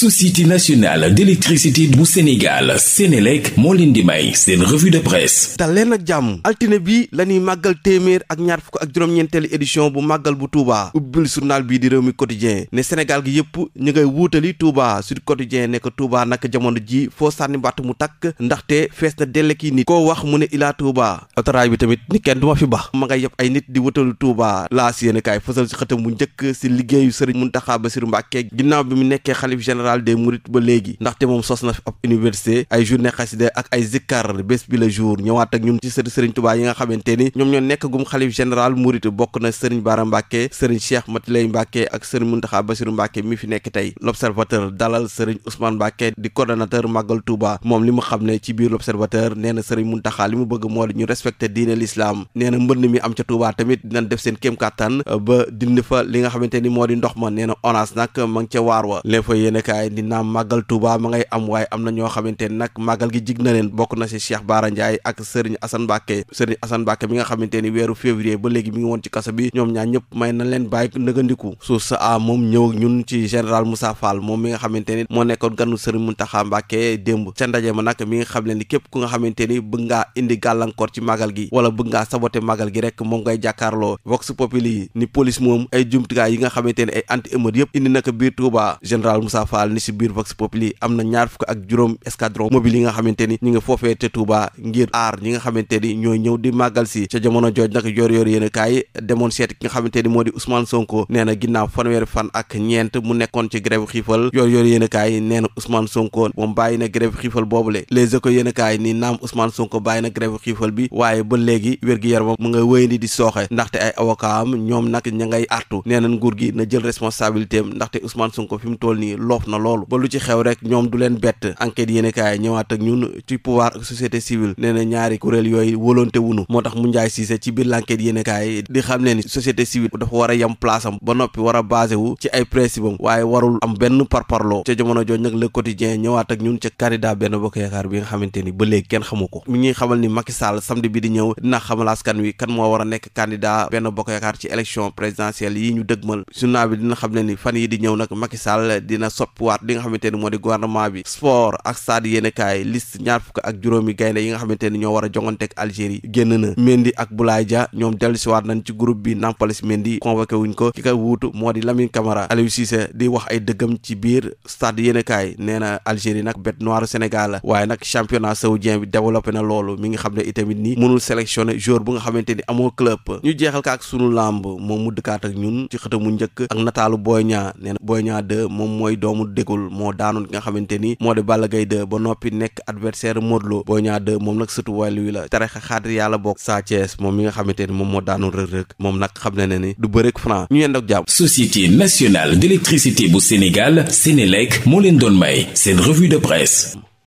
société nationale d'électricité bu Sénégal Sénélec moo leen di may seen revue de presse dal leen ak jàmm altine bi la ñuy màggal téeméer ak ñaar fukk ak juróom-ñeenteelu édition bu màggal bu Touba ubbil journal bii di réew mi quotidien ne Sénégal gi yëpp ñu ngay wuutali Touba Sud Quotidien ne ko Touba nag jamono ji foo sànni mbàtt mu takk ndaxte fees na dellek yi nit koo wax mu ne ilaa Touba autoraay bi tamit ni kenn duma fi bax ma nga yëpp ay nit di wutalu Touba laa si yéene kaay fësal si xëtam njëkk si liggéeyu Sëriñ Muntaxa Basiru Mbàkke ginnaaw bi mu nekkee xalif général général des ba léegi ndaxte moom sos na fi ab université ay journée dalal sëriñ Ousmane Mbàkke di coordonnateur Màggal Touba moom li mu xam ne ci biir l'observateur nee sëriñ Muntaxa li mu bëgg moo di ñu respecté diine l'islam nee mbënn mi am ca Touba tamit dinañ def seen kéem kàttan ba dindi fa li nga xamante ni moo di ndox ma nee na ONAS nag ma ca waar wa waaye li naam màggal Touba ma ngay am waaye am na ñoo xamante ne nag màggal gi jig na leen bokk na si Cheikh Bara Ndiaye ak Serigne Assane Mbacké Serigne Assane Mbacké mi nga xamante ni mi ngi woon ci na leen bàyyi nëgandiku suuf sa a moom ñëw ñun ci général mi nga xamante ni moo nekkoon ganu Serigne Mountakha Mbacké démb ca ndaje ma nag mi nga xam ni képp ku nga xamante ni bëgg ngaa indi gàllankoor ci màggal gi wala bëgg ngaa saboté màggal gi rek moom ngay jàkkaarloo vox populi ni police moom ay jumtukaay yi nga xamante ni ay anti émeute yëpp indi naka biir Touba général fàttali ni si biir vox populi am na ñaar fukk ak juróom escadron mobile yi nga xamante ni ñu ngi foofee te ngir aar ñi nga xamante ni ñooy ñëw di màggal si ca jamono jooj nag yor yor yéen kaay demoon seet ki nga xamante ni moo di Ousmane Sonko nee na ginnaaw fan ak ñeent mu nekkoon ci grève xiifal yor yor yéen kaay nee na Ousmane Sonko moom bàyyi na grève xiifal boobule les échos yéen kaay ni naam Ousmane Sonko bàyyi na grève xiifal bi waaye ba léegi wér-gi-yaramam mu nga wéyandi di sooxe ndaxte ay avocat am ñoom nag ña ngay artu nee na nguur gi na jël responsabilité am ndaxte Ousmane Sonko fi mu toll nii loolu ba lu ci xew rek ñoom du leen bett enquête yéen kaay ñëwaat ak ñun ci pouvoir ak société civile nee ñaari kuréel yooyu wóolonte wunu moo tax mu njaay siise ci biir l'enquête yéen kaay di xam ne ni société civile dafa war a yem place am ba noppi war a basé wu ci ay principe waaye warul am benn par parparloo ca jamono jooju nag le quotidien ñëwaat ak ñun ca candidat benn bokk yaakaar bi nga xamante ni ba léegi kenn xamu ko mi ngi xamal ni Macky Sall samedi bi di ñëw dina xamal askan wi kan moo war a nekk candidat benn bokk yaakaar ci yi ñu dëgmal journal bi dina xam fan yi di ñëw nag Macky Sall dina soppi jàppuwaat li nga xamante ni moo di gouvernement bi sport ak stade yéenekaay liste ñaar fukk ak juróomi gaynde yi nga xamante ni ñoo war a jongante ak Algérie génn na Mendy ak Boulaye Dia ñoom dellusiwaat bi Nampalys Mendy convoqué wuñ ko ki moo di Lamine Camara Aliou Cissé di wax ay dëggam ci biir stade yéenekaay na Algérie nag bête noire Sénégal la waaye nag championnat saoudien bi développé na loolu mi ngi xam ne itamit ni mënul sélectionné joueur bu nga xamante ni amoo club ñu jeexal ka ak sunu lamb moom mu dëkkaat ak ñun ci xëtamu njëkk ak nataalu Boy Niang nee na Boy Niang 2 moom mooy doomu dégul moo daanu ki nga xamante ni moo di Balla gay 2 ba noppi nekk adversaire Modou Lo Boy Niang moom nag surtout wàllu wi la tarex xaadir yàlla bokk Sa Thiès moom mi nga xamante ni moom moo daanoon rëg-rëg moom nag xam ne ne ni du bërek franc ñu yendook jàmm Société nationale d'électricité bu Sénégal Sénélec moo leen doon may seen revue de presse